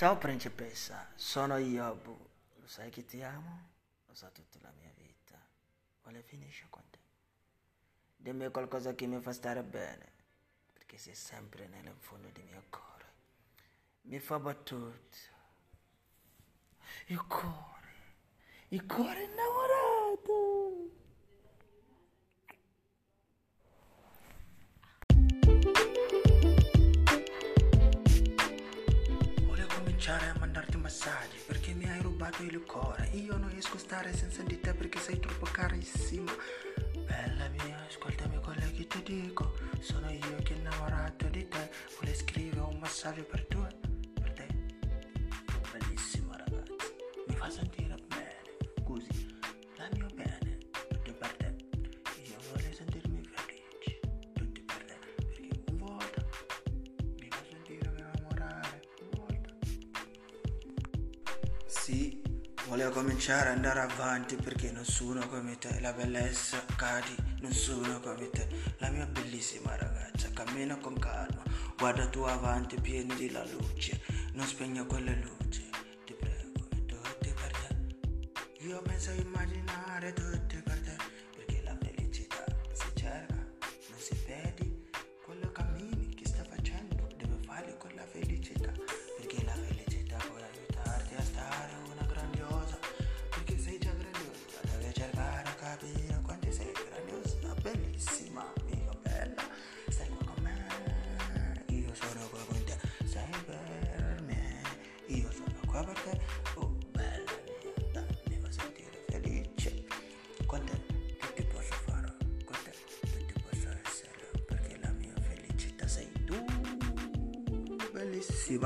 Ciao principessa, sono Iobu. Lo sai che ti amo? Lo sa tutta la mia vita. Vuole finisce con te. Dimmi qualcosa che mi fa stare bene, perché sei sempre nel fondo del mio cuore. Mi fa battuto. Il cuore. Il cuore no! cominciare a mandarti massaggi Perché mi hai rubato il cuore Io non riesco a stare senza di te perché sei troppo carissima Bella mia, ascoltami quello che ti dico Sono io che innamorato di te Vuole scrivere un messaggio per te Per te Bellissima ragazzi Mi fa sentire Sì, volevo cominciare ad andare avanti perché nessuno come te, la bellezza cadi, non sono come te, la mia bellissima ragazza, cammina con calma, guarda tu avanti, prendi la luce, non spegna quelle luci, ti prego, tutti per te. Io penso a immaginare tutti per te. です